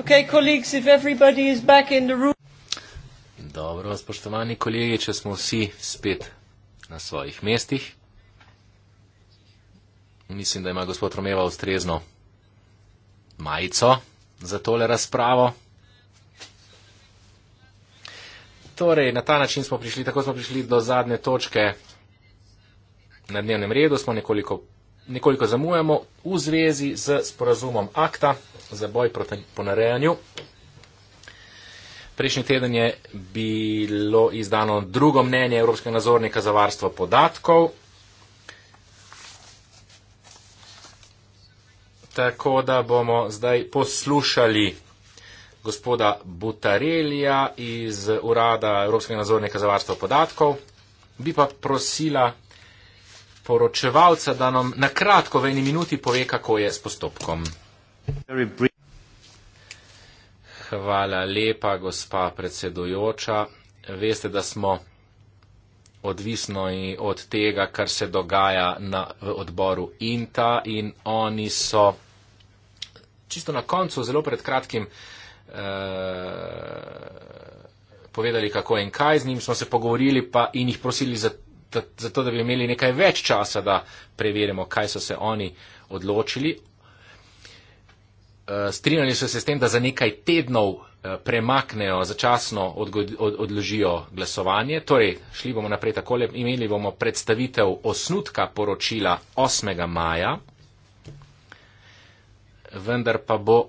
Okay, colleagues, if everybody is back in the room. Dobro, spoštovani kolegi, če smo vsi spet na svojih mestih. Mislim, da ima gospod Romeva ustrezno majico za tole razpravo. Torej, na ta način smo prišli, tako smo prišli do zadnje točke na dnevnem redu, smo nekoliko nekoliko zamujamo v zvezi z sporazumom akta za boj proti ponarejanju. Prejšnji teden je bilo izdano drugo mnenje Evropskega nazornika za varstvo podatkov. Tako da bomo zdaj poslušali gospoda Butarelija iz Urada Evropskega nazornika za varstvo podatkov. Bi pa prosila poročevalca, da nam na kratko v eni minuti pove, kako je s postopkom. Hvala lepa, gospa predsedujoča. Veste, da smo odvisno od tega, kar se dogaja na, v odboru INTA in oni so čisto na koncu, zelo pred kratkim, eh, povedali, kako in kaj z njim smo se pogovorili pa, in jih prosili za zato da bi imeli nekaj več časa, da preverimo, kaj so se oni odločili. Eh, strinjali so se s tem, da za nekaj tednov eh, premaknejo, začasno odložijo glasovanje. Torej, šli bomo naprej takole, imeli bomo predstavitev osnutka poročila 8. maja, vendar pa bo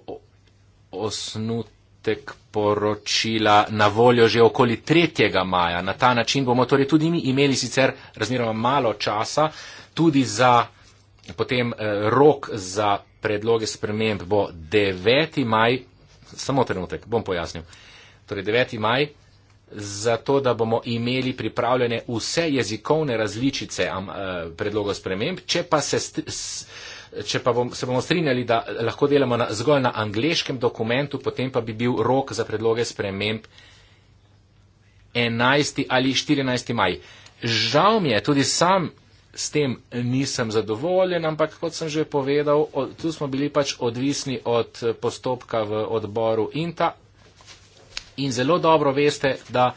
osnutek posnetek poročila na voljo že okoli 3. maja. Na ta način bomo torej tudi mi imeli sicer razmeroma malo časa, tudi za potem eh, rok za predloge sprememb bo 9. maj, samo trenutek, bom pojasnil. Torej 9. maj, zato da bomo imeli pripravljene vse jezikovne različice eh, predloga sprememb, če pa se. St, s, če pa bom, se bomo strinjali, da lahko delamo na, zgolj na angliškem dokumentu, potem pa bi bil rok za predloge sprememb 11. ali 14. maj. Žal mi je, tudi sam s tem nisem zadovoljen, ampak kot sem že povedal, od, tu smo bili pač odvisni od postopka v odboru INTA in zelo dobro veste, da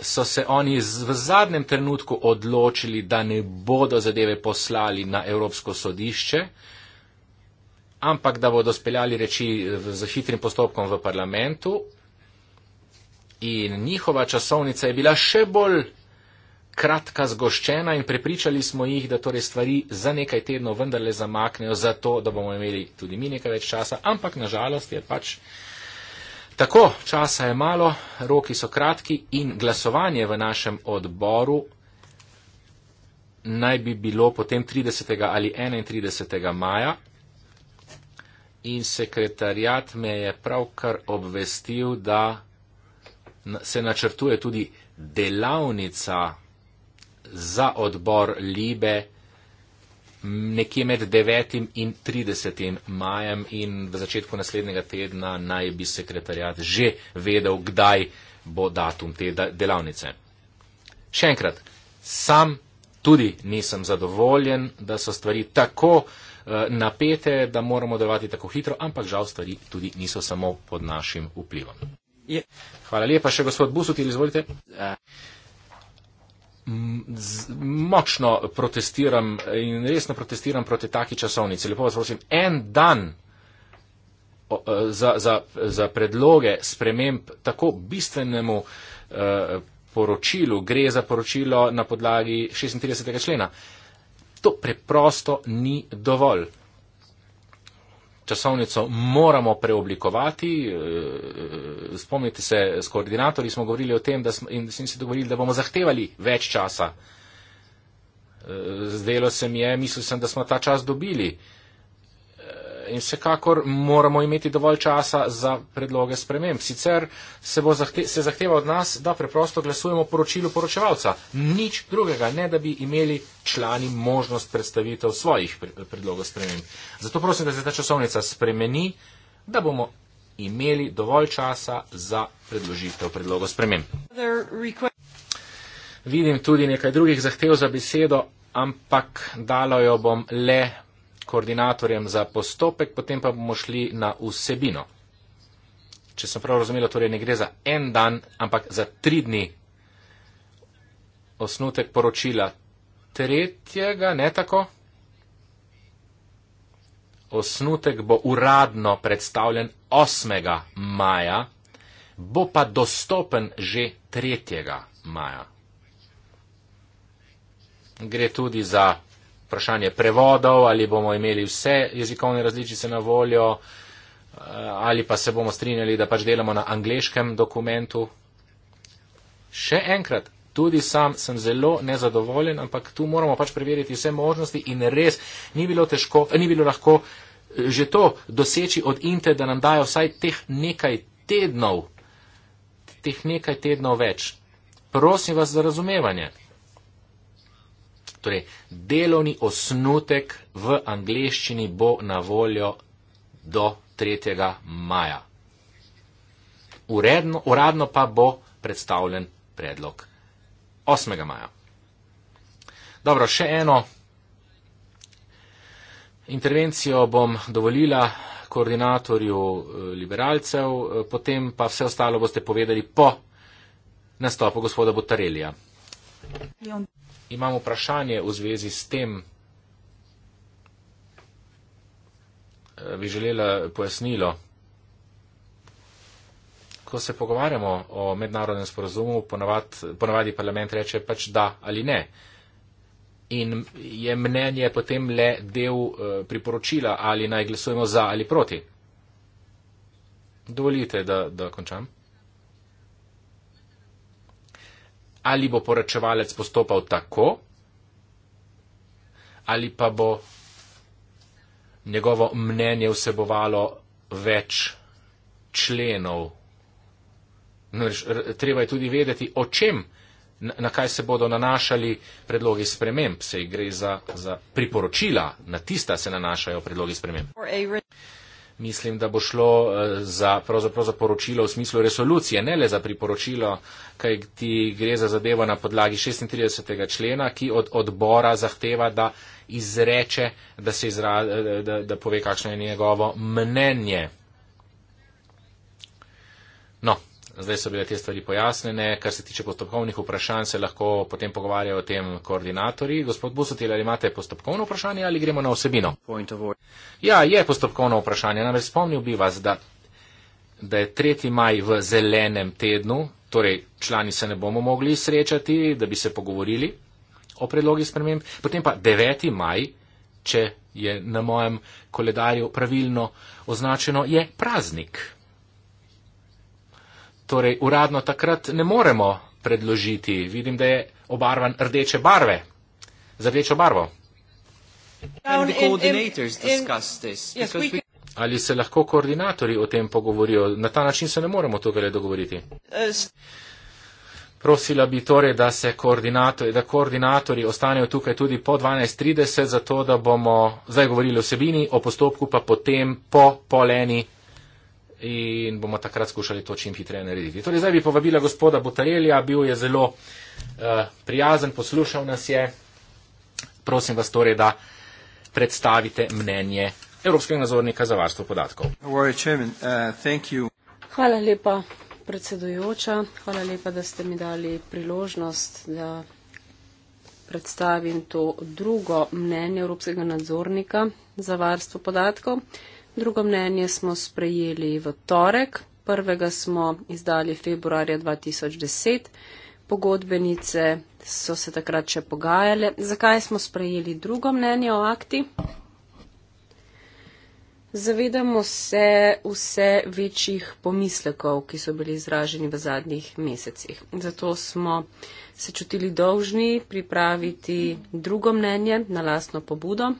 so se oni v zadnjem trenutku odločili, da ne bodo zadeve poslali na Evropsko sodišče, ampak da bodo speljali reči z hitrim postopkom v parlamentu. In njihova časovnica je bila še bolj kratka, zgoščena in prepričali smo jih, da torej stvari za nekaj tednov vendarle zamaknejo, zato da bomo imeli tudi mi nekaj več časa, ampak nažalost je pač. Tako, časa je malo, roki so kratki in glasovanje v našem odboru naj bi bilo potem 30. ali 31. maja in sekretarjat me je pravkar obvestil, da se načrtuje tudi delavnica za odbor Libe nekje med 9. in 30. majem in v začetku naslednjega tedna naj bi sekretarjat že vedel, kdaj bo datum te delavnice. Še enkrat, sam tudi nisem zadovoljen, da so stvari tako eh, napete, da moramo delovati tako hitro, ampak žal stvari tudi niso samo pod našim vplivom. Hvala lepa še gospod Busut, izvolite. Uh močno protestiram in resno protestiram proti taki časovnici. Lepo vas prosim, en dan e, za, za, za predloge sprememb tako bistvenemu e, poročilu, gre za poročilo na podlagi 36. člena. To preprosto ni dovolj časovnico moramo preoblikovati. Eh, eh, spomnite se, s koordinatorji smo govorili o tem, da smo, in smo se dogovorili, da bomo zahtevali več časa. Eh, zdelo se mi je, mislil sem, da smo ta čas dobili in vsekakor moramo imeti dovolj časa za predloge sprememb. Sicer se, zahte, se zahteva od nas, da preprosto glasujemo poročilu poročevalca. Nič drugega, ne da bi imeli člani možnost predstavitev svojih predlogov sprememb. Zato prosim, da se ta časovnica spremeni, da bomo imeli dovolj časa za predložitev predlogov sprememb. Vidim tudi nekaj drugih zahtev za besedo, ampak dalo jo bom le koordinatorjem za postopek, potem pa bomo šli na vsebino. Če sem prav razumela, torej ne gre za en dan, ampak za tri dni osnutek poročila tretjega, ne tako? Osnutek bo uradno predstavljen 8. maja, bo pa dostopen že 3. maja. Gre tudi za vprašanje prevodov, ali bomo imeli vse jezikovne različice na voljo, eh, ali pa se bomo strinjali, da pač delamo na angliškem dokumentu. Še enkrat, tudi sam sem zelo nezadovoljen, ampak tu moramo pač preveriti vse možnosti in res ni bilo težko, ni bilo lahko eh, že to doseči od Inte, da nam dajo vsaj teh nekaj tednov, teh nekaj tednov več. Prosim vas za razumevanje. Torej, delovni osnutek v angleščini bo na voljo do 3. maja. Uredno, uradno pa bo predstavljen predlog 8. maja. Dobro, še eno intervencijo bom dovolila koordinatorju eh, liberalcev, eh, potem pa vse ostalo boste povedali po nastopu gospoda Botarelija. Leon imam vprašanje v zvezi s tem. Eh, bi želela pojasnilo. Ko se pogovarjamo o mednarodnem sporozumu, ponavad, ponavadi parlament reče pač da ali ne. In je mnenje potem le del eh, priporočila, ali naj glasujemo za ali proti. Dovolite, da, da končam. ali bo poročevalec postopal tako, ali pa bo njegovo mnenje vsebovalo več členov. No, treba je tudi vedeti, o čem, na kaj se bodo nanašali predlogi sprememb. Se gre za, za priporočila, na tista se nanašajo predlogi sprememb mislim, da bo šlo eh, za, pravzaprav za poročilo v smislu resolucije, ne le za priporočilo, kaj ti gre za zadevo na podlagi 36. člena, ki od odbora zahteva, da izreče, da, izra, eh, da, da pove, kakšno je njegovo mnenje. No, Zdaj so bile te stvari pojasnjene. Kar se tiče postopkovnih vprašanj, se lahko potem pogovarjajo o tem koordinatorji. Gospod Busotil, ali imate postopkovno vprašanje ali gremo na osebino? Ja, je postopkovno vprašanje. Namreč spomnil bi vas, da, da je 3. maj v zelenem tednu, torej člani se ne bomo mogli srečati, da bi se pogovorili o predlogi sprememb. Potem pa 9. maj, če je na mojem koledarju pravilno označeno, je praznik torej uradno takrat ne moremo predložiti. Vidim, da je obarvan rdeče barve, z rdečo barvo. In, in, in, Ali se lahko koordinatori o tem pogovorijo? Na ta način se ne moremo tukaj dogovoriti. Prosila bi torej, da se koordinatori, da koordinatori ostanejo tukaj tudi po 12.30, zato da bomo zdaj govorili o sebini, o postopku pa potem po poleni in bomo takrat skušali to čim hitreje narediti. Torej, zdaj bi povabila gospoda Botarelja, bil je zelo uh, prijazen, poslušal nas je. Prosim vas torej, da predstavite mnenje Evropskega nazornika za varstvo podatkov. Eh, Hvala lepa, predsedujoča. Hvala lepa, da ste mi dali priložnost, da predstavim to drugo mnenje Evropskega nadzornika za varstvo podatkov. Uh, Drugo mnenje smo sprejeli v torek, prvega smo izdali februarja 2010. Pogodbenice so se takrat še pogajale. Zakaj smo sprejeli drugo mnenje o akti? Zavedamo se vse večjih pomislekov, ki so bili izraženi v zadnjih mesecih. Zato smo se čutili dolžni pripraviti drugo mnenje na lastno pobudo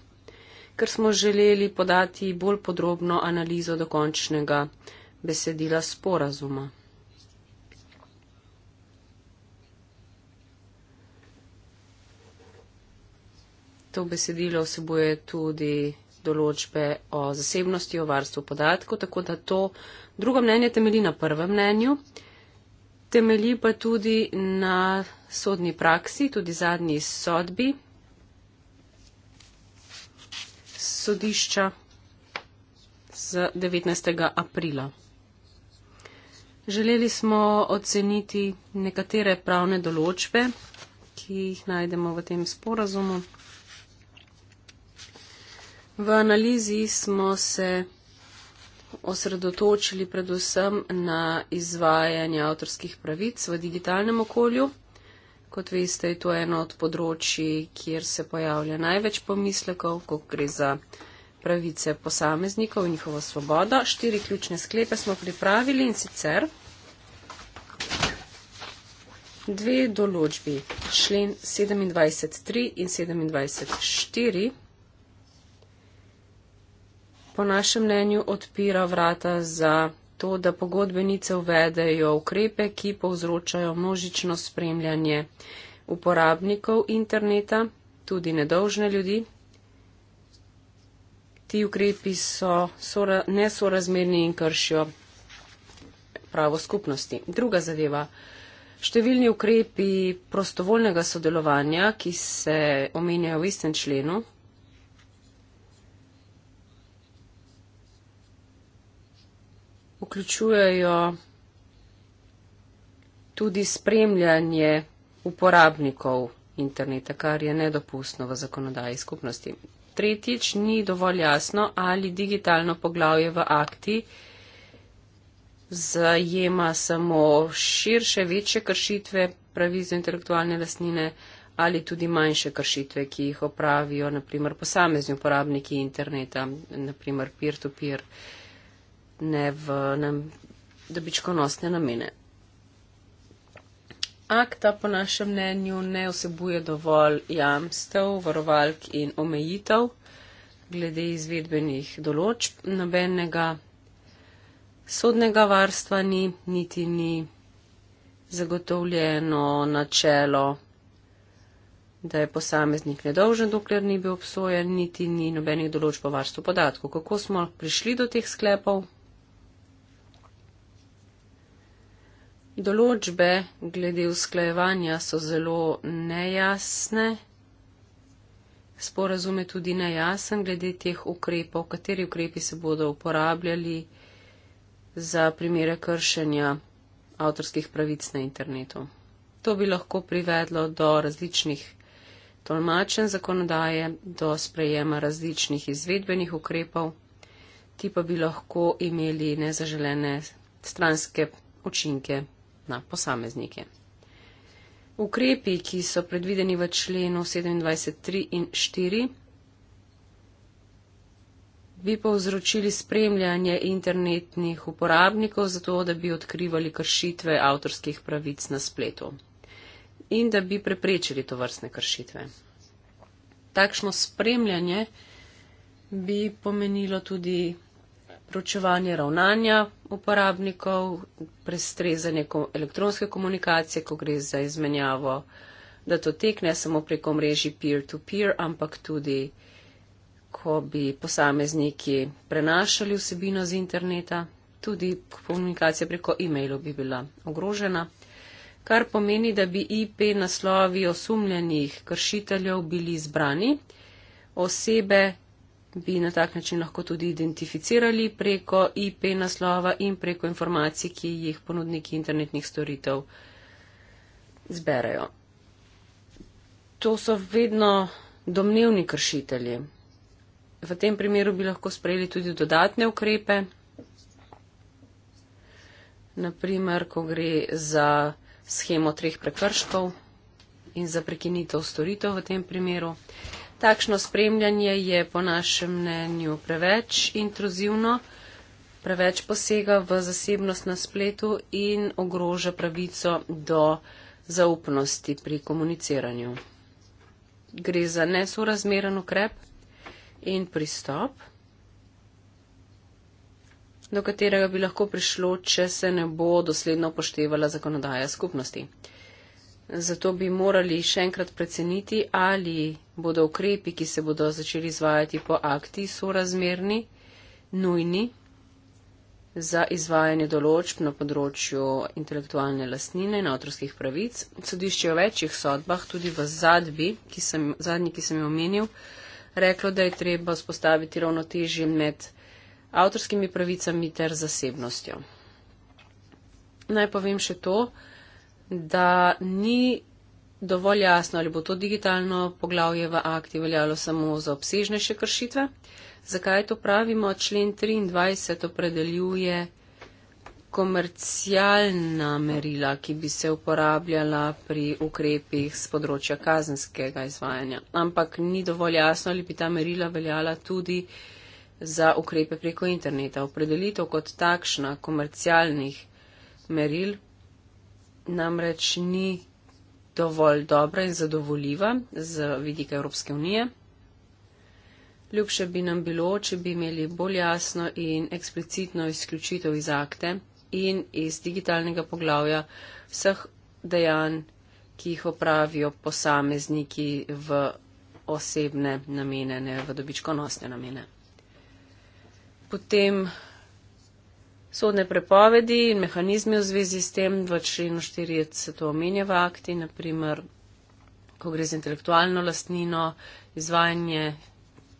ker smo želeli podati bolj podrobno analizo dokončnega besedila sporazuma. To besedilo vsebuje tudi določbe o zasebnosti, o varstvu podatkov, tako da to drugo mnenje temelji na prvem mnenju, temelji pa tudi na sodni praksi, tudi zadnji sodbi, sodišča z 19. aprila. Želeli smo oceniti nekatere pravne določbe, ki jih najdemo v tem sporazumu. V analizi smo se osredotočili predvsem na izvajanje avtorskih pravic v digitalnem okolju. Kot veste, je to eno od področji, kjer se pojavlja največ pomislekov, ko gre za pravice posameznikov in njihovo svobodo. Štiri ključne sklepe smo pripravili in sicer dve določbi, člen 27.3 in 27.4, po našem mnenju odpira vrata za to, da pogodbenice uvedejo ukrepe, ki povzročajo množično spremljanje uporabnikov interneta, tudi nedolžne ljudi. Ti ukrepi so sora, nesorazmerni in kršijo pravo skupnosti. Druga zadeva. Številni ukrepi prostovoljnega sodelovanja, ki se omenjajo v istem členu, vključujejo tudi spremljanje uporabnikov interneta, kar je nedopustno v zakonodaji skupnosti. Tretjič, ni dovolj jasno, ali digitalno poglavje v akti zajema samo širše, večje kršitve pravizo intelektualne lastnine ali tudi manjše kršitve, ki jih opravijo naprimer posamezni uporabniki interneta, naprimer peer-to-peer. -peer ne v nam, dobičkonosne namene. Akta po našem mnenju ne vsebuje dovolj jamstev, varovalk in omejitev glede izvedbenih določb. Nobenega sodnega varstva ni, niti ni zagotovljeno načelo, da je posameznik nedolžen, dokler ni bil obsojen, niti ni nobenih določb o varstvu podatkov. Kako smo prišli do teh sklepov, določbe glede usklajevanja so zelo nejasne, sporazum je tudi nejasen glede teh ukrepov, kateri ukrepi se bodo uporabljali za primere kršenja avtorskih pravic na internetu. To bi lahko privedlo do različnih tolmačen zakonodaje, do sprejema različnih izvedbenih ukrepov, ti pa bi lahko imeli nezaželene stranske učinke na posameznike. Ukrepi, ki so predvideni v členu 27.3 in 4, bi povzročili spremljanje internetnih uporabnikov za to, da bi odkrivali kršitve avtorskih pravic na spletu in da bi preprečili to vrstne kršitve. Takšno spremljanje bi pomenilo tudi ročevanje ravnanja uporabnikov, prestrezanje ko elektronske komunikacije, ko gre za izmenjavo datotek, ne samo preko mreži peer-to-peer, -peer, ampak tudi, ko bi posamezniki prenašali vsebino z interneta, tudi komunikacija preko e-mailov bi bila ogrožena. Kar pomeni, da bi IP naslovi osumljenih kršiteljev bili zbrani, osebe, bi na tak način lahko tudi identificirali preko IP naslova in preko informacij, ki jih ponudniki internetnih storitev zberajo. To so vedno domnevni kršitelji. V tem primeru bi lahko sprejeli tudi dodatne ukrepe, naprimer, ko gre za schemo treh prekrškov in za prekinitev storitev v tem primeru. Takšno spremljanje je po našem mnenju preveč intruzivno, preveč posega v zasebnost na spletu in ogroža pravico do zaupnosti pri komuniciranju. Gre za nesorazmeren ukrep in pristop, do katerega bi lahko prišlo, če se ne bo dosledno upoštevala zakonodaja skupnosti. Zato bi morali še enkrat preceniti, ali bodo ukrepi, ki se bodo začeli izvajati po akti, sorazmerni, nujni za izvajanje določb na področju intelektualne lastnine in avtorskih pravic. Sodišče je v večjih sodbah, tudi v zadbi, ki sem, zadnji, ki sem jo omenil, reklo, da je treba spostaviti ravnotežje med avtorskimi pravicami ter zasebnostjo. Naj povem še to da ni dovolj jasno, ali bo to digitalno poglavje v akti veljalo samo za obsežnejše kršitve. Zakaj to pravimo? Člen 23 opredeljuje komercialna merila, ki bi se uporabljala pri ukrepih z področja kazenskega izvajanja. Ampak ni dovolj jasno, ali bi ta merila veljala tudi za ukrepe preko interneta. Opredelitev kot takšna komercialnih meril namreč ni dovolj dobra in zadovoljiva z vidika Evropske unije. Ljubše bi nam bilo, če bi imeli bolj jasno in eksplicitno izključitev iz akte in iz digitalnega poglavja vseh dejanj, ki jih opravijo posamezniki v osebne namene, ne v dobičkonosne namene. Potem sodne prepovedi in mehanizmi v zvezi s tem, v členu 4 se to omenja v akti, naprimer, ko gre za intelektualno lastnino, izvajanje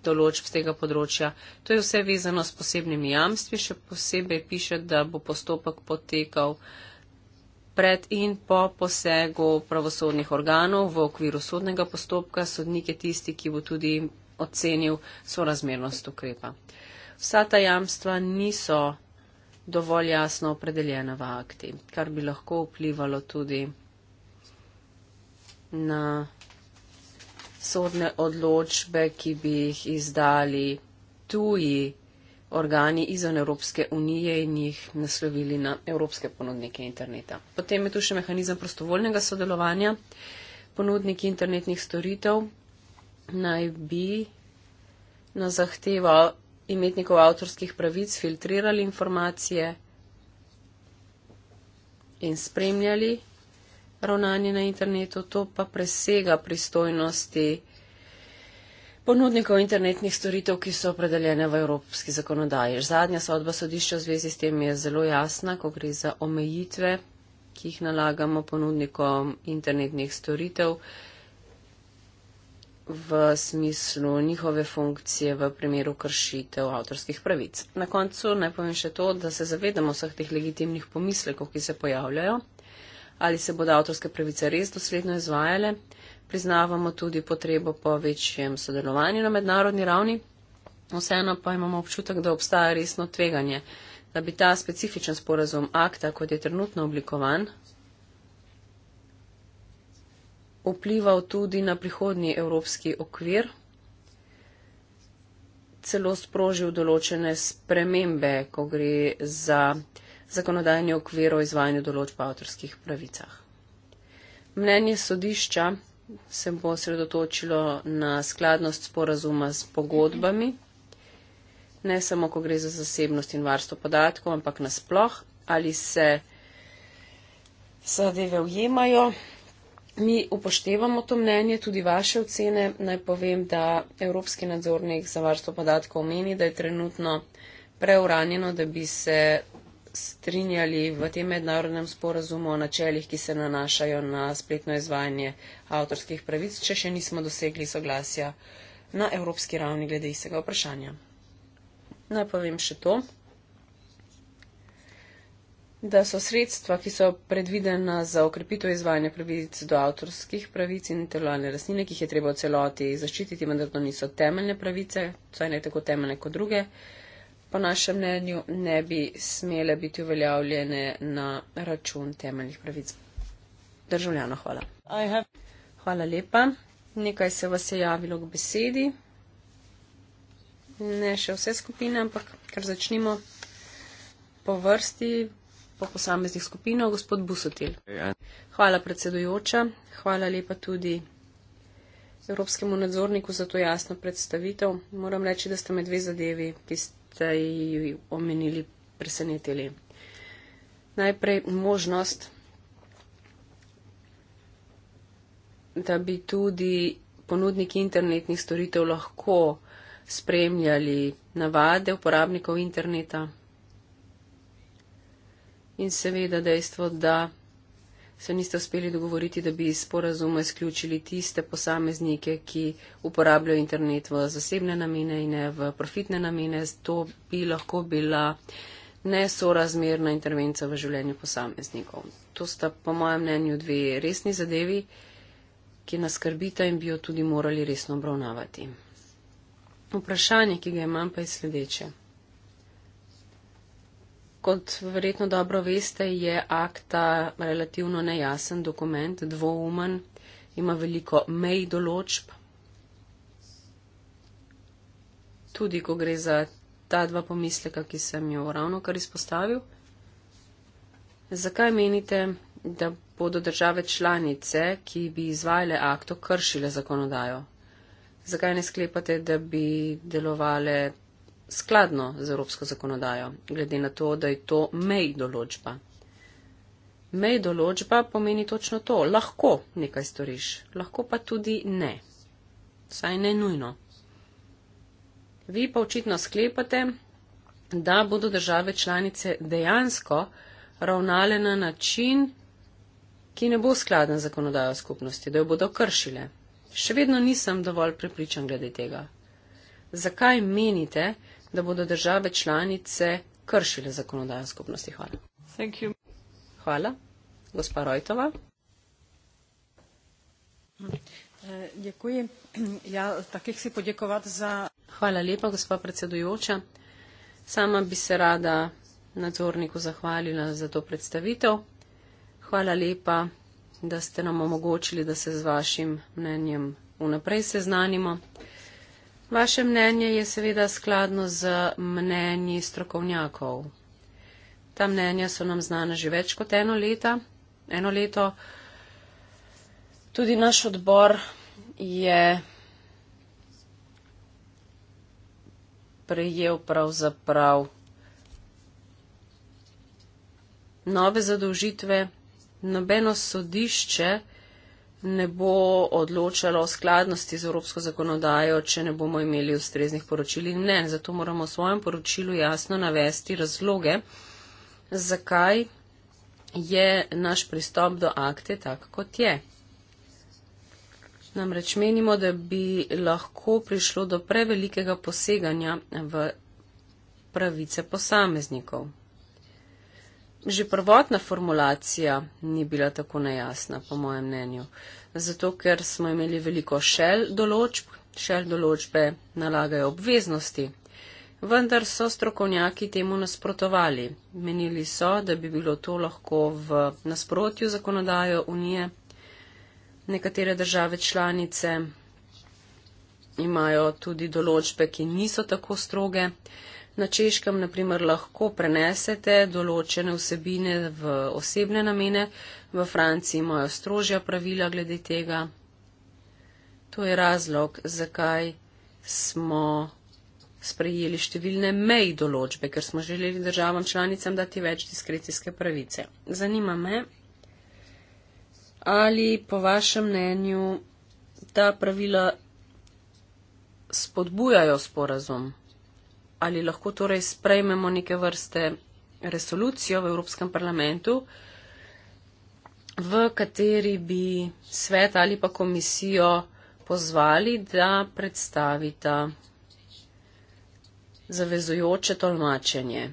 določb z tega področja. To je vse vezano s posebnimi jamstvi, še posebej piše, da bo postopek potekal pred in po posegu pravosodnih organov v okviru sodnega postopka. Sodnik je tisti, ki bo tudi ocenil sorazmernost ukrepa. Vsa ta jamstva niso dovolj jasno opredeljena v akti, kar bi lahko vplivalo tudi na sodne odločbe, ki bi jih izdali tuji organi izven Evropske unije in jih naslovili na evropske ponudnike interneta. Potem je tu še mehanizem prostovoljnega sodelovanja. Ponudniki internetnih storitev naj bi na zahtevo imetnikov avtorskih pravic filtrirali informacije in spremljali ravnanje na internetu, to pa presega pristojnosti ponudnikov internetnih storitev, ki so opredeljene v evropski zakonodaji. Zadnja sodba sodišča v zvezi s tem je zelo jasna, ko gre za omejitve, ki jih nalagamo ponudnikom internetnih storitev v smislu njihove funkcije v primeru kršitev avtorskih pravic. Na koncu naj povem še to, da se zavedamo vseh teh legitimnih pomislekov, ki se pojavljajo, ali se bodo avtorske pravice res dosledno izvajale. Priznavamo tudi potrebo po večjem sodelovanju na mednarodni ravni, vseeno pa imamo občutek, da obstaja resno tveganje, da bi ta specifičen sporazum akta, kot je trenutno oblikovan, vplival tudi na prihodnji evropski okvir, celo sprožil določene spremembe, ko gre za zakonodajni okvir o izvajanju določb avtorskih pravicah. Mnenje sodišča se bo sredotočilo na skladnost sporazuma s pogodbami, ne samo, ko gre za zasebnost in varstvo podatkov, ampak nasploh, ali se zadeve ujemajo Mi upoštevamo to mnenje, tudi vaše ocene. Naj povem, da Evropski nadzornik za varstvo podatkov meni, da je trenutno preuranjeno, da bi se strinjali v tem mednarodnem sporazumu o načeljih, ki se nanašajo na spletno izvajanje avtorskih pravic, če še nismo dosegli soglasja na evropski ravni glede istega vprašanja. Naj povem še to da so sredstva, ki so predvidena za okrepitev izvajanja pravic do avtorskih pravic in intelektualne lastnine, ki jih je treba v celoti zaščititi, vendar to niso temeljne pravice, saj ne tako temeljne kot druge, po našem mnenju ne bi smele biti uveljavljene na račun temeljnih pravic. Državljano, hvala. Have... Hvala lepa. Nekaj se vas je javilo k besedi. Ne še vse skupine, ampak kar začnimo po vrsti, po posameznih skupinah, gospod Busotil. Ja. Hvala predsedujoča, hvala lepa tudi Evropskemu nadzorniku za to jasno predstavitev. Moram reči, da ste me dve zadevi, ki ste jih omenili, presenetili. Najprej možnost, da bi tudi ponudniki internetnih storitev lahko spremljali navade uporabnikov interneta, in seveda dejstvo, da se niste uspeli dogovoriti, da bi iz sporazuma izključili tiste posameznike, ki uporabljajo internet v zasebne namene in ne v profitne namene. To bi lahko bila nesorazmerna intervencija v življenju posameznikov. To sta po mojem mnenju dve resni zadevi, ki nas skrbita in bi jo tudi morali resno obravnavati. Vprašanje, ki ga imam, pa je sledeče. Kot verjetno dobro veste, je akta relativno nejasen dokument, dvoumen, ima veliko mej določb. Tudi, ko gre za ta dva pomisleka, ki sem jo ravno kar izpostavil. Zakaj menite, da bodo države članice, ki bi izvajale akto, kršile zakonodajo? Zakaj ne sklepate, da bi delovale skladno z evropsko zakonodajo, glede na to, da je to mej določba. Mej določba pomeni točno to, lahko nekaj storiš, lahko pa tudi ne. Saj ne nujno. Vi pa očitno sklepate, da bodo države članice dejansko ravnale na način, ki ne bo skladen z zakonodajo skupnosti, da jo bodo kršile. Še vedno nisem dovolj prepričan glede tega. Zakaj menite, da da bodo države članice kršile zakonodajo skupnosti. Hvala. Hvala. Gospa Rojtova. Eh, ja, takih si podjekovat za... Hvala lepa, gospa predsedujoča. Sama bi se rada nadzorniku zahvalila za to predstavitev. Hvala lepa, da ste nam omogočili, da se z vašim mnenjem vnaprej seznanimo. Vaše mnenje je seveda skladno z mnenji strokovnjakov. Ta mnenja so nam znana že več kot eno, leta, eno leto. Tudi naš odbor je prejel pravzaprav nove zadolžitve. Nobeno sodišče ne bo odločalo o skladnosti z evropsko zakonodajo, če ne bomo imeli ustreznih poročil in mnen. Zato moramo v svojem poročilu jasno navesti razloge, zakaj je naš pristop do akte tak, kot je. Namreč menimo, da bi lahko prišlo do prevelikega poseganja v pravice posameznikov že prvotna formulacija ni bila tako nejasna, po mojem mnenju. Zato, ker smo imeli veliko šel določb, šel določbe nalagajo obveznosti. Vendar so strokovnjaki temu nasprotovali. Menili so, da bi bilo to lahko v nasprotju zakonodajo unije. Nekatere države članice imajo tudi določbe, ki niso tako stroge. Uh, na češkem naprimer lahko prenesete določene vsebine v osebne namene, v Franciji imajo strožja pravila glede tega. To je razlog, zakaj smo sprejeli številne mej določbe, ker smo želeli državam članicam dati več diskrecijske pravice. Zanima me, ali po vašem mnenju ta pravila spodbujajo sporazum ali lahko torej sprejmemo neke vrste resolucijo v Evropskem parlamentu, v kateri bi svet ali pa komisijo pozvali, da predstavita zavezujoče tolmačenje.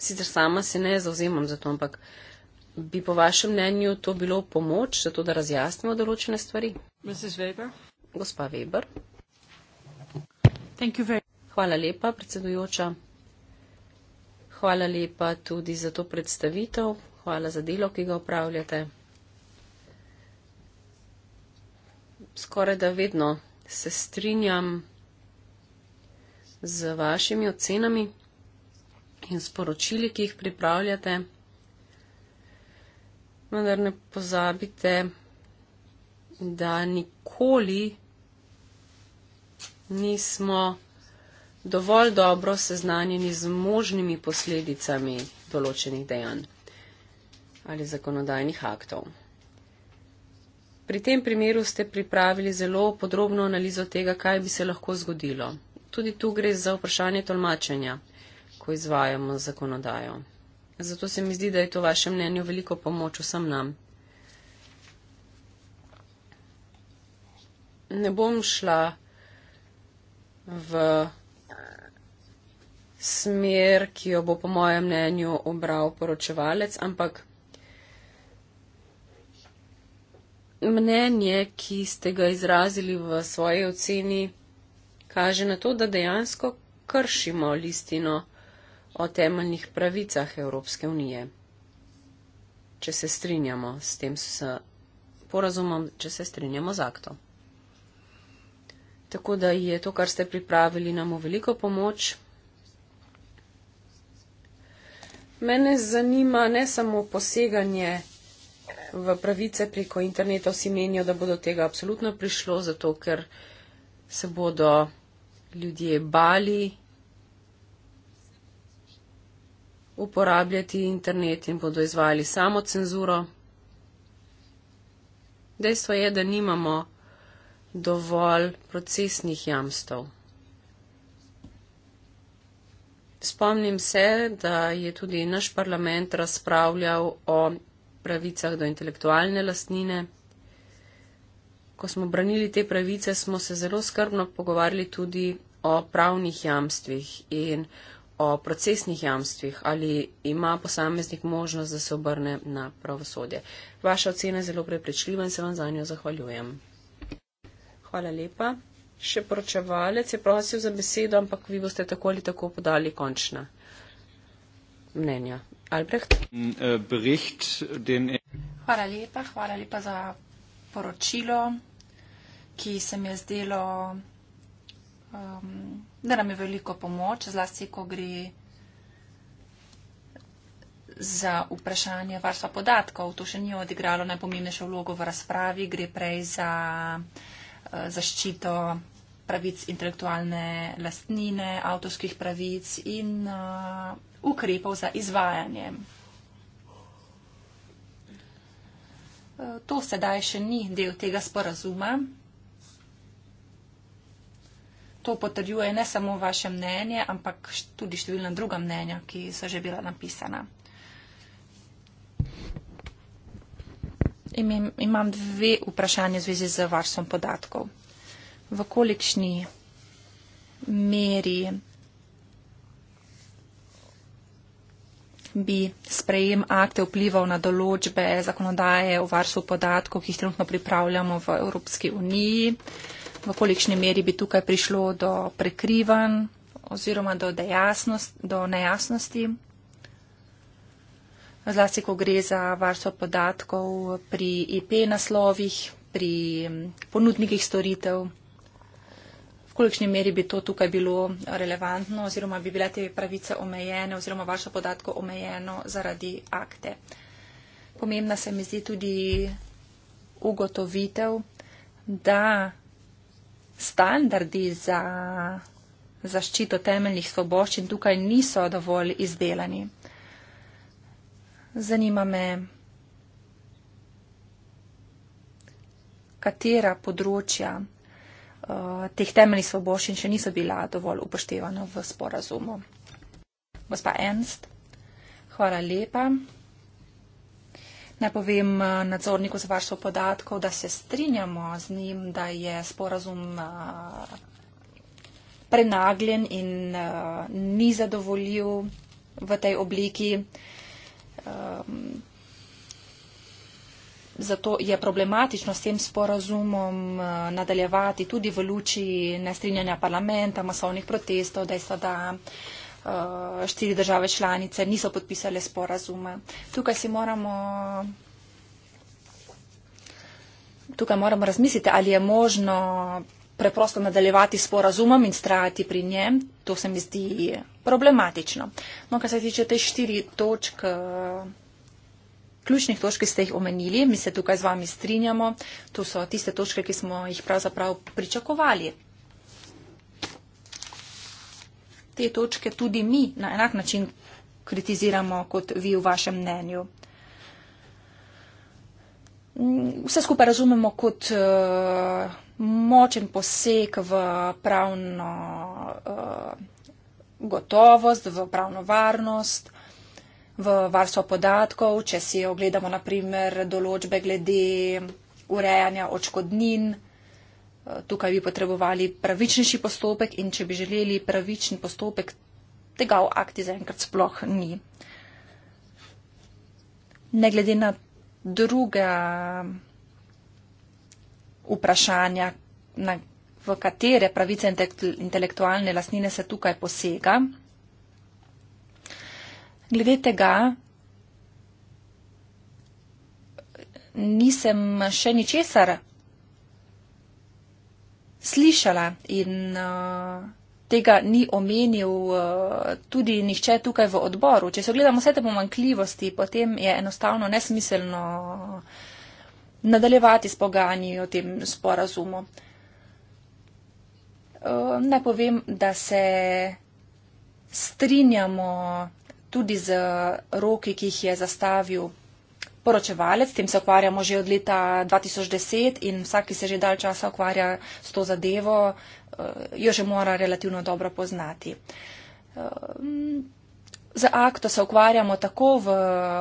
Sicer sama se ne zauzemam za to, ampak bi po vašem mnenju to bilo pomoč, zato da razjasnimo določene stvari? Gospa Weber. Thank you very much. Hvala lepa, predsedujoča. Hvala lepa tudi za to predstavitev. Hvala za delo, ki ga upravljate. Skoraj da vedno se strinjam z vašimi ocenami in sporočili, ki jih pripravljate. Vendar ne pozabite, da nikoli nismo dovolj dobro seznanjeni z možnimi posledicami določenih dejanj ali zakonodajnih aktov. Pri tem primeru ste pripravili zelo podrobno analizo tega, kaj bi se lahko zgodilo. Tudi tu gre za vprašanje tolmačenja, ko izvajamo zakonodajo. Zato se mi zdi, da je to vaše mnenje veliko pomoč vsem nam. Ne bom šla v smer, ki jo bo po mojem mnenju obral poročevalec, ampak mnenje, ki ste ga izrazili v svoji oceni, kaže na to, da dejansko kršimo listino o temeljnih pravicah Evropske unije. Če se strinjamo s tem s porazumom, če se strinjamo z aktom. Tako da je to, kar ste pripravili, nam v veliko pomoč. Mene zanima ne samo poseganje v pravice preko interneta, vsi menijo, da bo do tega absolutno prišlo, zato ker se bodo ljudje bali uporabljati internet in bodo izvajali samo cenzuro. Dejstvo je, da nimamo dovolj procesnih jamstv. Spomnim se, da je tudi naš parlament razpravljal o pravicah do intelektualne lastnine. Ko smo branili te pravice, smo se zelo skrbno pogovarjali tudi o pravnih jamstvih in o procesnih jamstvih, ali ima posameznik možnost, da se obrne na pravosodje. Vaša ocena je zelo prepričljiva in se vam za njo zahvaljujem. Hvala lepa še poročevalec je prosil za besedo, ampak vi boste tako ali tako podali končna mnenja. Albrecht? Mm, eh, bericht, den... Hvala lepa, hvala lepa za poročilo, ki se mi je zdelo, um, da nam je veliko pomoč, zlasti, ko gre za vprašanje varstva podatkov. To še ni odigralo najpomembnejšo vlogo v razpravi, gre prej za eh, zaščito pravic intelektualne lastnine, avtorskih pravic in uh, ukrepov za izvajanje. Uh, to sedaj še ni del tega sporazuma. To potrjuje ne samo vaše mnenje, ampak tudi številna druga mnenja, ki so že bila napisana. Imam dve vprašanje v zvezi z varstvom podatkov v kolikšni meri bi sprejem akte vplival na določbe zakonodaje o varstvu podatkov, ki jih trenutno pripravljamo v Evropski uniji, v kolikšni meri bi tukaj prišlo do prekrivanj oziroma do, dejasnost, do nejasnosti, zlasti ko gre za varstvo podatkov pri IP naslovih, pri ponudnikih storitev v kolikšni meri bi to tukaj bilo relevantno oziroma bi bile te pravice omejene oziroma vaše podatko omejeno zaradi akte. Pomembna se mi zdi tudi ugotovitev, da standardi za zaščito temeljnih svoboščin tukaj niso dovolj izdelani. Zanima me, katera področja Eh, teh temeljnih svoboščin še niso bila dovolj upoštevana v sporazumu. Gospa Ernst, hvala lepa. Naj povem eh, nadzorniku za varstvo podatkov, da se strinjamo z njim, da je sporazum eh, prenagljen in ni zadovoljiv v tej obliki. Ehm, zato je problematično s tem sporazumom eh, nadaljevati tudi v luči nestrinjanja parlamenta, masovnih protestov, dejstva, da eh, štiri države članice niso podpisale sporazuma. Tukaj si moramo. Tukaj moramo razmisliti, ali je možno preprosto nadaljevati s porazumom in strajati pri njem. To se mi zdi problematično. No, kar se tiče te štiri točke ključnih točk, ki ste jih omenili, mi se tukaj z vami strinjamo, to so tiste točke, ki smo jih pravzaprav pričakovali. Te točke tudi mi na enak način kritiziramo, kot vi v vašem mnenju. Vse skupaj razumemo kot uh, močen poseg v pravno uh, gotovost, v pravno varnost. Uh, v varstvo podatkov, če si ogledamo naprimer določbe glede urejanja očkodnin, eh, tukaj bi potrebovali pravičnejši postopek in če bi želeli pravičen postopek, tega v akti zaenkrat sploh ni. Ne glede na druga vprašanja, na, v katere pravice intelektualne lasnine se tukaj posega glede tega nisem še ničesar slišala in uh, tega ni omenil uh, tudi nihče tukaj v odboru. Če se gledamo vse te pomankljivosti, potem je enostavno nesmiselno nadaljevati s pogajanji o tem sporazumu. Uh, ne povem, da se strinjamo tudi z roki, ki jih je zastavil poročevalec. S tem se ukvarjamo že od leta 2010 in vsak, ki se že dalj časa ukvarja s to zadevo, eh, jo že mora relativno dobro poznati. Eh, za akto se ukvarjamo tako v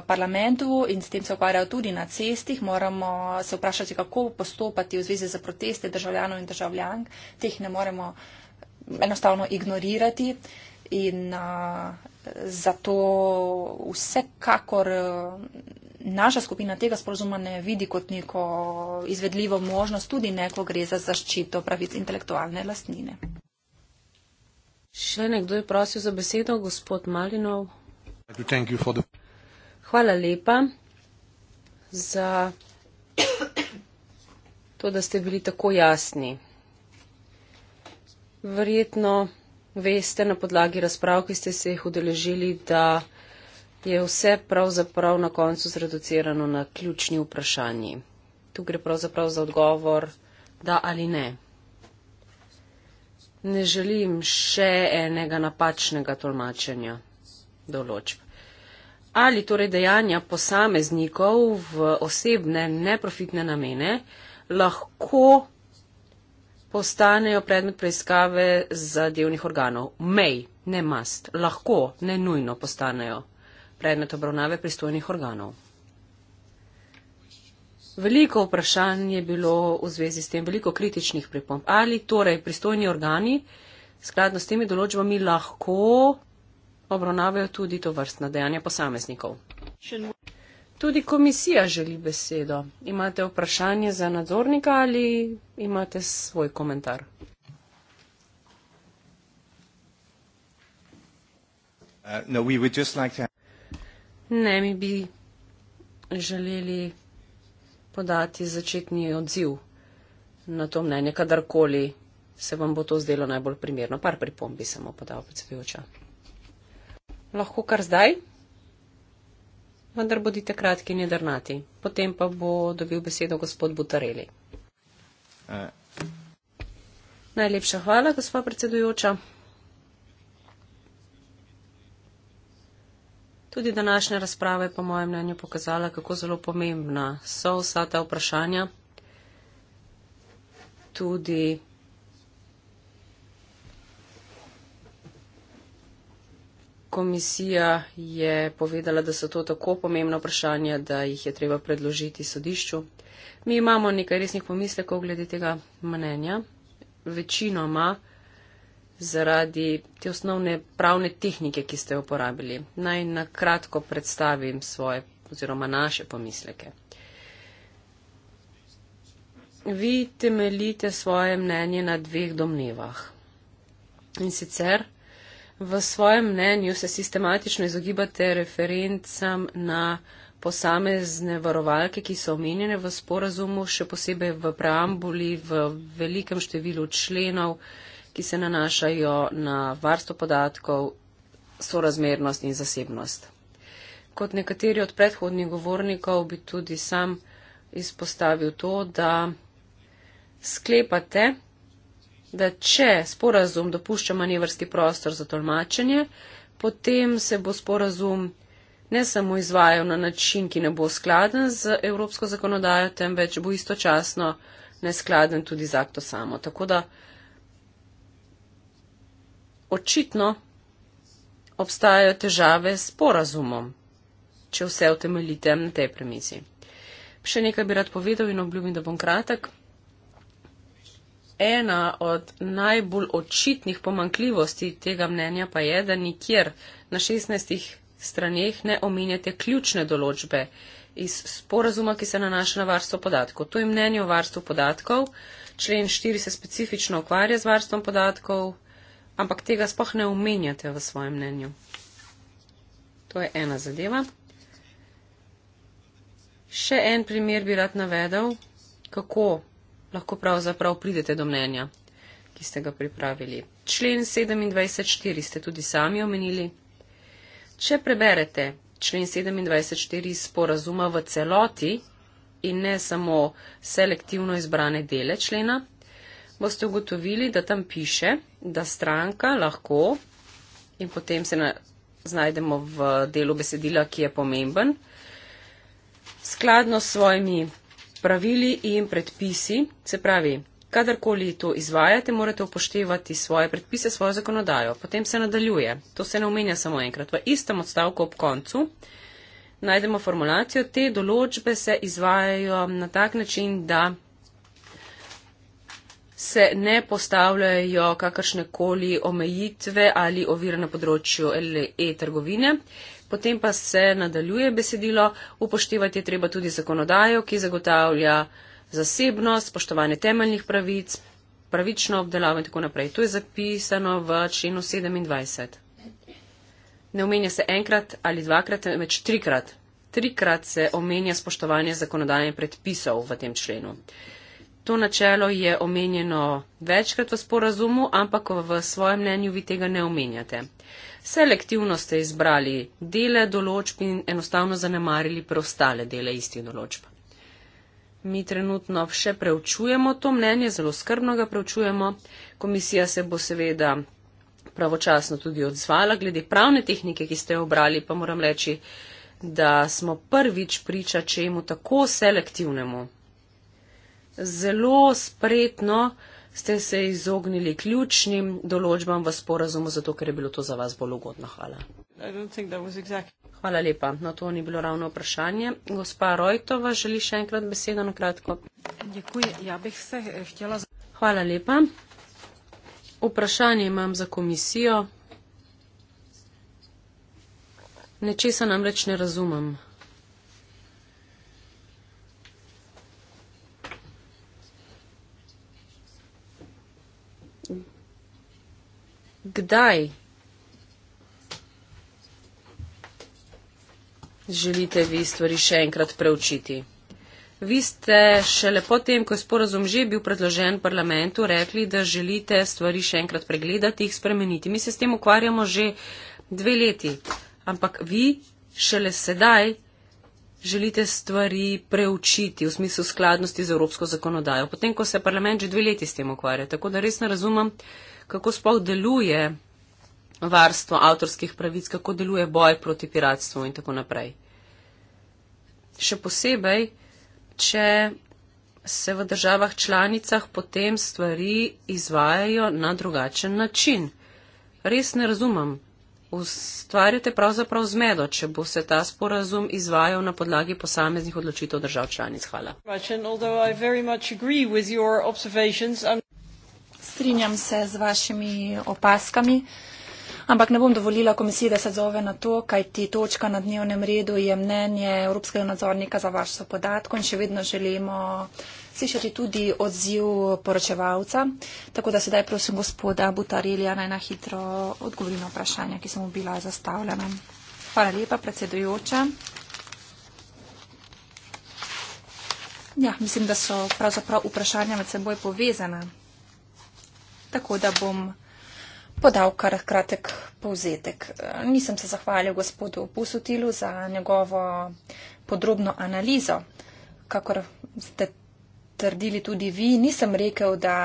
parlamentu in s tem se ukvarjajo tudi na cestih. Moramo se vprašati, kako postopati v zvezi z proteste državljanov in državljank. Teh ne moremo enostavno ignorirati. Uh, In uh, zato vsekakor naša skupina tega sporozuma ne vidi kot neko izvedljivo možnost, tudi ne, ko gre za zaščito pravic intelektualne lastnine. Še nekdo je prosil za besedo, gospod Malinov. Hvala lepa za to, da ste bili tako jasni. Verjetno veste na podlagi razprav, ki ste se jih udeležili, da je vse pravzaprav na koncu zreducirano na ključni vprašanji. Tu gre pravzaprav za odgovor, da ali ne. Ne želim še enega napačnega tolmačenja določb. Ali torej dejanja posameznikov v osebne neprofitne namene lahko postanejo predmet preiskave zadevnih organov. Mej, ne mast, lahko, ne nujno postanejo predmet obravnave pristojnih organov. Veliko vprašanj je bilo v zvezi s tem, veliko kritičnih pripomb. Ali torej pristojni organi skladno s temi določbami lahko obravnavajo tudi to vrstna dejanja posameznikov? Tudi komisija želi besedo. Imate vprašanje za nadzornika ali imate svoj komentar? Uh, no, like to... Ne, mi bi želeli podati začetni odziv na to mnenje, kadarkoli se vam bo to zdelo najbolj primerno. Par pripomb bi samo podal predsedujoča. Lahko kar zdaj vendar bodite kratki in jedrnati. Potem pa bo dobil besedo gospod Butareli. E. Najlepša hvala, gospod predsedujoča. Tudi današnja razprava je po mojem mnenju pokazala, kako zelo pomembna so vsa ta vprašanja. Tudi komisija je povedala, da so to tako pomembna vprašanja, da jih je treba predložiti sodišču. Mi imamo nekaj resnih pomislekov glede tega mnenja. Večinoma zaradi te osnovne pravne tehnike, ki ste jo uporabili. Naj na kratko predstavim svoje oziroma naše pomisleke. Vi temeljite svoje mnenje na dveh domnevah. In sicer v svojem mnenju se sistematično izogibate referencam na posamezne varovalke, ki so omenjene v sporazumu, še posebej v preambuli, v velikem številu členov, ki se nanašajo na varstvo podatkov, sorazmernost in zasebnost. Kot nekateri od predhodnih govornikov bi tudi sam izpostavil to, da sklepate, da če sporazum dopušča manevrski prostor za tolmačenje, potem se bo sporazum ne samo izvajal na način, ki ne bo skladen z evropsko zakonodajo, temveč bo istočasno neskladen tudi z akto samo. Tako da očitno obstajajo težave s sporazumom, če vse utemeljite na tej premisi. Še nekaj bi rad povedal in obljubim, da bom kratek ena od najbolj očitnih pomankljivosti tega mnenja pa je, da nikjer na 16 straneh ne omenjate ključne določbe iz sporazuma, ki se nanaša na varstvo podatkov. To je mnenje o varstvu podatkov. Člen 4 se specifično ukvarja z varstvom podatkov, ampak tega spoh ne omenjate v svojem mnenju. To je ena zadeva. Še en primer bi rad navedel, kako lahko pravzaprav pridete do mnenja, ki ste ga pripravili. Člen 27.4 ste tudi sami omenili. Če preberete člen 27.4 sporazuma v celoti in ne samo selektivno izbrane dele člena, boste ugotovili, da tam piše, da stranka lahko in potem se na, znajdemo v delu besedila, ki je pomemben, skladno s svojimi pravili in predpisi, se pravi, kadarkoli to izvajate, morate upoštevati svoje predpise, svojo zakonodajo. Potem se nadaljuje. To se ne omenja samo enkrat. V istem odstavku ob koncu najdemo formulacijo, te določbe se izvajajo na tak način, da se ne postavljajo kakršnekoli omejitve ali ovire na področju LE trgovine, potem pa se nadaljuje besedilo, upoštevati je treba tudi zakonodajo, ki zagotavlja zasebnost, spoštovanje temeljnih pravic, pravično obdelavo in tako naprej. To je zapisano v členu 27. Ne omenja se enkrat ali dvakrat, več trikrat. Trikrat se omenja spoštovanje zakonodajnih predpisov v tem členu. To načelo je omenjeno večkrat v sporazumu, ampak v svojem mnenju vi tega ne omenjate. Uh, selektivno ste izbrali dele določb in enostavno zanemarili preostale dele istih določb. Mi trenutno še preučujemo to mnenje, zelo skrbno ga preučujemo. Komisija se bo seveda pravočasno tudi odzvala. Glede pravne tehnike, ki ste jo obrali, pa moram reči, da smo prvič priča čemu tako selektivnemu. Zelo spretno ste se izognili ključnim določbam v sporazumu, zato ker je bilo to za vas bolj ugodno. Hvala. Hvala lepa. No, to ni bilo ravno vprašanje. Gospa Rojtova želi še enkrat besedo na kratko. Ja htjela... Hvala lepa. Vprašanje imam za komisijo. Nečesa namreč ne razumem. kdaj želite vi stvari še enkrat preučiti? Vi ste šele potem, ko je sporozum že bil predložen parlamentu, rekli, da želite stvari še enkrat pregledati, jih spremeniti. Mi se s tem ukvarjamo že dve leti, ampak vi šele sedaj želite stvari preučiti v smislu skladnosti z evropsko zakonodajo, potem, ko se parlament že dve leti s tem ukvarja. Tako da res ne razumem, kako sploh deluje varstvo avtorskih pravic, kako deluje boj proti piratstvu in tako naprej. Še posebej, če se v državah članicah potem stvari izvajajo na drugačen način. Res ne razumem. Ustvarjate pravzaprav zmedo, če bo se ta sporazum izvajal na podlagi posameznih odločitev držav članic. Hvala. Russian, strinjam se z vašimi opaskami, ampak ne bom dovolila komisiji, da se zove na to, kaj ti točka na dnevnem redu je mnenje Evropskega nadzornika za vašo podatko in še vedno želimo slišati tudi odziv poročevalca. Tako da sedaj prosim gospoda Butarilja naj na hitro odgovori na vprašanja, ki so mu bila zastavljena. Hvala lepa, predsedujoča. Ja, mislim, da so pravzaprav vprašanja med seboj povezana tako da bom podal kar kratek povzetek. Nisem se zahvalil gospodu Pusutilu za njegovo podrobno analizo. Kakor ste trdili tudi vi, nisem rekel, da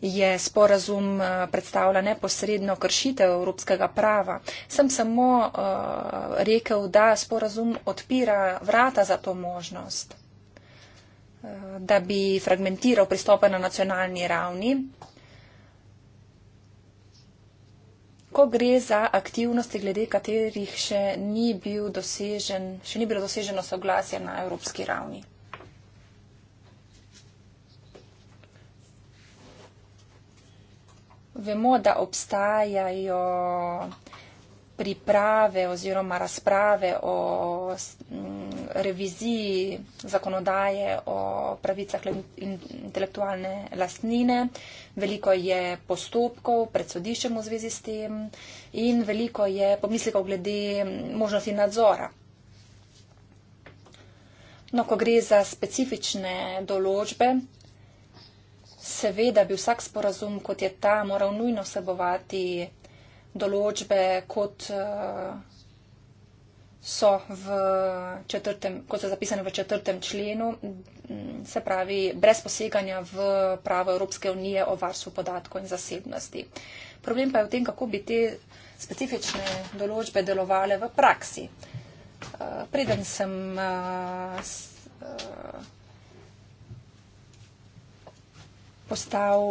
je sporazum eh, predstavlja neposredno kršitev evropskega prava. Sem samo uh, rekel, da sporazum odpira vrata za to možnost, uh, da bi fragmentiral pristope na nacionalni ravni ko gre za aktivnosti, glede katerih še ni, bil dosežen, še ni bilo doseženo soglasje na evropski ravni. Vemo, da obstajajo priprave oziroma razprave o mm, reviziji zakonodaje o pravicah intelektualne lastnine, veliko je postopkov pred sodiščem v zvezi s tem in veliko je pomislekov glede možnosti nadzora. No, ko gre za specifične določbe, seveda bi vsak sporazum, kot je ta, moral nujno vsebovati določbe kot. Uh, so v četrtem, kot so zapisane v četrtem členu, se pravi brez poseganja v pravo Evropske unije o varstvu podatkov in zasebnosti. Problem pa je v tem, kako bi te specifične določbe delovale v praksi. Eh, preden sem eh, eh, postal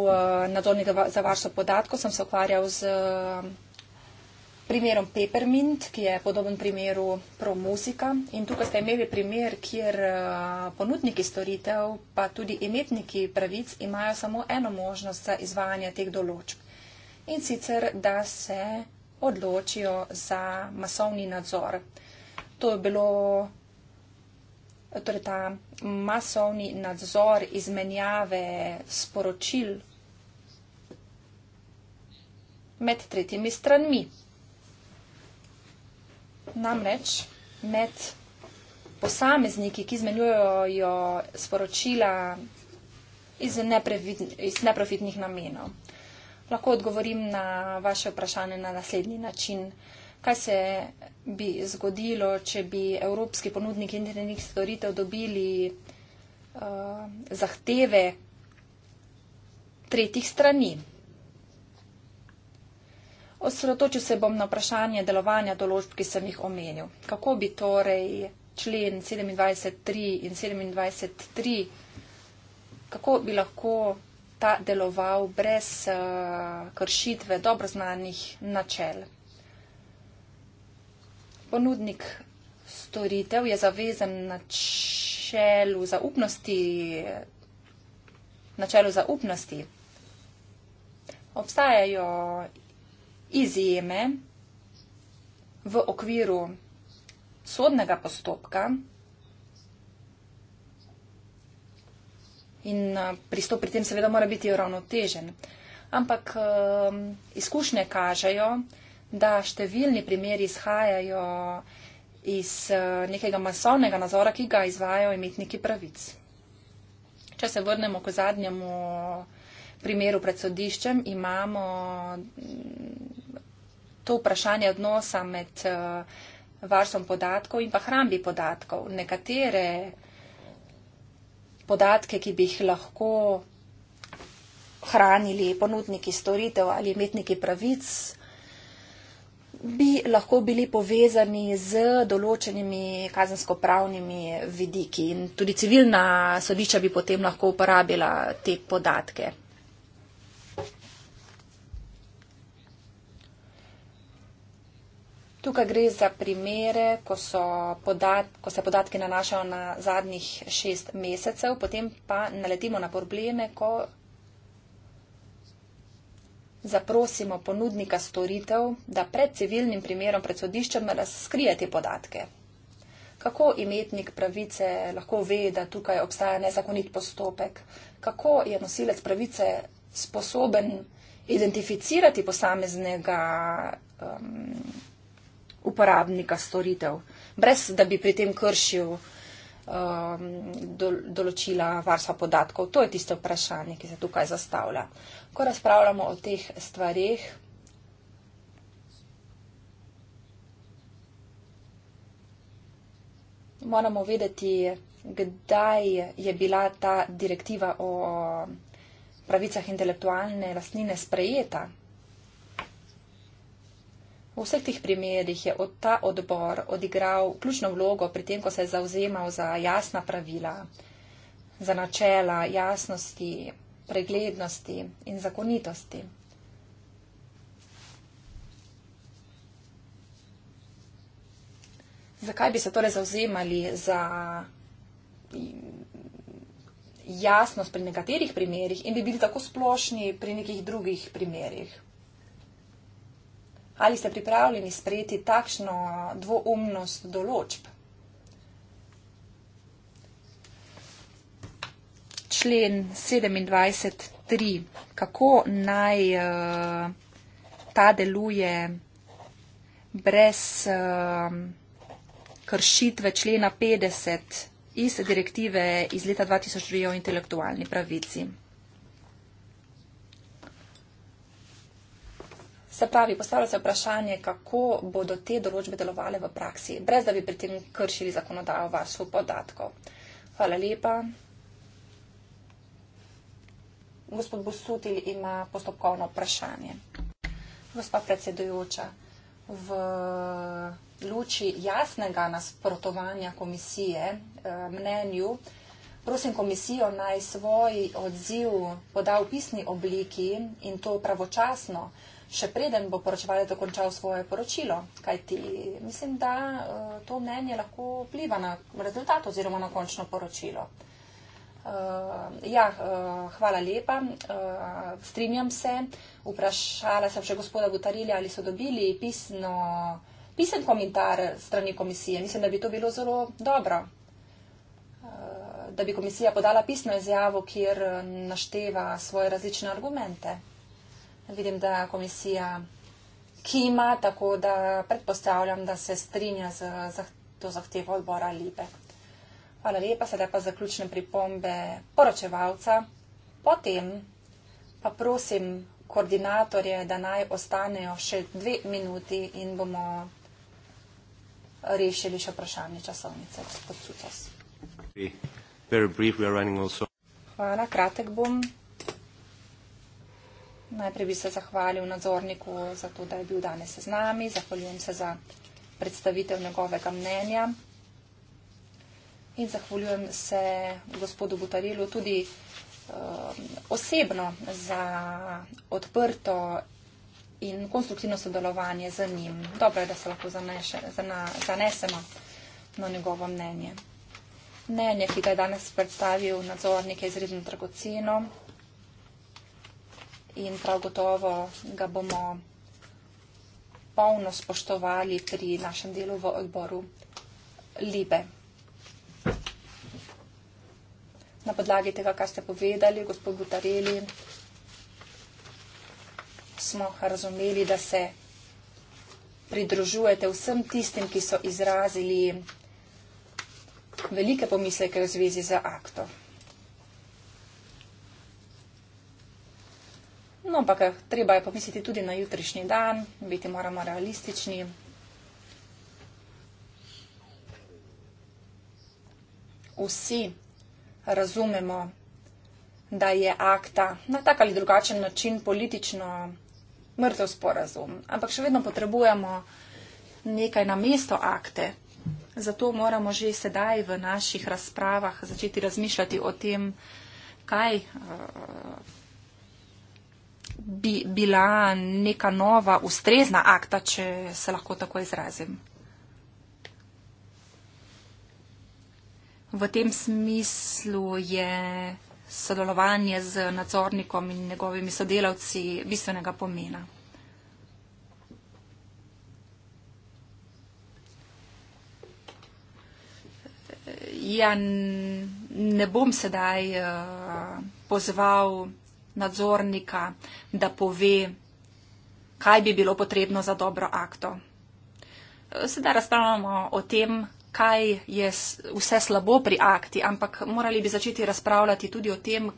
nadzornik za varstvo podatkov, sem se ukvarjal z primerom Peppermint, ki je podoben primeru ProMusica. In tukaj ste imeli primer, kjer eh, ponudniki storitev, pa tudi imetniki pravic, imajo samo eno možnost za izvajanje teh določb. In sicer, da se odločijo za masovni nadzor. To je bilo. Torej, ta masovni nadzor izmenjave sporočil med tretjimi stranmi. Namreč med posamezniki, ki izmenjujejo sporočila iz, iz neprofitnih namenov. Lahko odgovorim na vaše vprašanje na naslednji način. Kaj se bi zgodilo, če bi evropski ponudniki internetnih storitev dobili uh, zahteve tretjih strani? Osredotočil se bom na vprašanje delovanja določb, ki sem jih omenil. Kako bi torej člen 27.3 in 27.3, kako bi lahko ta deloval brez uh, kršitve dobro znanih načel. Ponudnik storitev je zavezan načelu zaupnosti, načelu zaupnosti. Obstajajo izjeme v okviru sodnega postopka in eh, pristop pri tem seveda mora biti uravnotežen. Ampak eh, izkušnje kažejo, da številni primeri izhajajo iz eh, nekega masovnega nazora, ki ga izvajo imetniki pravic. Če se vrnemo k zadnjemu primeru pred sodiščem imamo mm, to vprašanje odnosa med eh, varstvom podatkov in pa hrambi podatkov. Nekatere podatke, ki bi jih lahko hranili ponudniki storitev ali imetniki pravic, bi lahko bili povezani z določenimi kazensko-pravnimi vidiki in tudi civilna sodišča bi potem lahko uporabila te podatke. Tukaj gre za primere, ko, podat, ko se podatki nanašajo na zadnjih šest mesecev, potem pa naletimo na probleme, ko zaprosimo ponudnika storitev, da pred civilnim primerom, pred sodiščem razkrije te podatke. Kako imetnik pravice lahko ve, da tukaj obstaja nezakonit postopek? Kako je nosilec pravice sposoben identificirati posameznega? Um, uporabnika storitev, brez da bi pri tem kršil um, do, določila varstva podatkov. To je tisto vprašanje, ki se tukaj zastavlja. Ko razpravljamo o teh stvarih, moramo vedeti, kdaj je bila ta direktiva o pravicah intelektualne lastnine sprejeta. V vseh tih primerjih je od ta odbor odigral ključno vlogo pri tem, ko se je zauzemal za jasna pravila, za načela jasnosti, preglednosti in zakonitosti. Zakaj bi se torej zauzemali za jasnost pri nekaterih primerjih in bi bili tako splošni pri nekih drugih primerjih? Ali ste pripravljeni sprejeti takšno dvoumnost določb? Člen 27.3. Kako naj eh, ta deluje brez eh, kršitve člena 50 iz direktive iz leta 2002 o intelektualni pravici? Se pravi, postavlja se vprašanje, kako bodo te določbe delovale v praksi, brez da bi pri tem kršili zakonodajo o varstvu podatkov. Hvala lepa. Gospod Bosutil ima postopkovno vprašanje. Gospa predsedujoča, v luči jasnega nasprotovanja komisije eh, mnenju, prosim komisijo naj svoj odziv poda v pisni obliki in to pravočasno še preden bo poročevalec dokončal svoje poročilo. Kajti mislim, da eh, to mnenje lahko vpliva na rezultat oziroma na končno poročilo. Eh, ja, eh, hvala lepa, strinjam se. Vprašala sem še gospoda Gutarilja, ali so dobili pisno, pisen komentar strani komisije. Mislim, da bi to bilo zelo dobro, da bi komisija podala pisno izjavo, kjer našteva svoje različne argumente. Vidim, da komisija kima, tako da predpostavljam, da se strinja z to zahtevo odbora Libe. Hvala lepa, sedaj pa zaključne pripombe poročevalca. Potem pa prosim koordinatorje, da naj ostanejo še dve minuti in bomo rešili še vprašanje časovnice. Hvala, kratek bom. Najprej bi se zahvalil nadzorniku za to, da je bil danes z nami. Zahvaljujem se za predstavitev njegovega mnenja. In zahvaljujem se gospodu Butarilu tudi uh, osebno za odprto in konstruktivno sodelovanje z njim. Dobro je, da se lahko zanesemo na njegovo mnenje. Mnenje, ki ga je danes predstavil nadzornik, je izredno dragoceno in prav gotovo ga bomo polno spoštovali pri našem delu v odboru Libe. Na podlagi tega, kar ste povedali, gospod Butareli, smo razumeli, da se pridružujete vsem tistim, ki so izrazili velike pomisleke v zvezi z aktom. No, ampak eh, treba je pomisliti tudi na jutrišnji dan, biti moramo realistični. Vsi razumemo, da je akta na tak ali drugačen način politično mrtev sporazum, ampak še vedno potrebujemo nekaj na mesto akte. Zato moramo že sedaj v naših razpravah začeti razmišljati o tem, kaj. Uh, bi bila neka nova, ustrezna akta, če se lahko tako izrazim. V tem smislu je sodelovanje z nadzornikom in njegovimi sodelavci bistvenega pomena. Ja, ne bom sedaj eh, pozval nadzornika, da pove, kaj bi bilo potrebno za dobro akto. Sedaj razpravljamo o tem, kaj je vse slabo pri akti, ampak morali bi začeti razpravljati tudi o tem,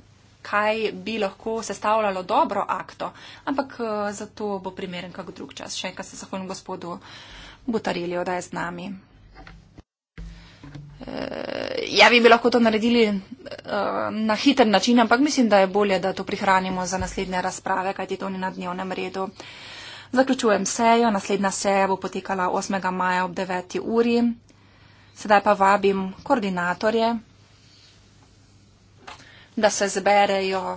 kaj bi lahko sestavljalo dobro akto. Ampak eh, za to bo primeren kak drug čas. Še enkrat se zahvaljujem gospodu Butarilijo, da je z nami. E Ja, bi lahko to naredili uh, na hiter način, ampak mislim, da je bolje, da to prihranimo za naslednje razprave, kajti to ni na dnevnem redu. Zaključujem sejo. Naslednja seja bo potekala 8. maja ob 9. uri. Sedaj pa vabim koordinatorje, da se zberejo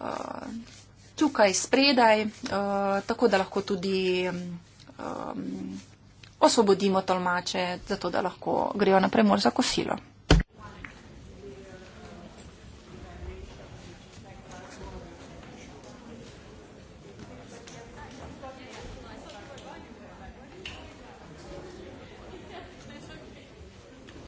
uh, tukaj spredaj, uh, tako da lahko tudi. Um, osvobodimo tolmače, zato da lahko grejo na premor za kosilo.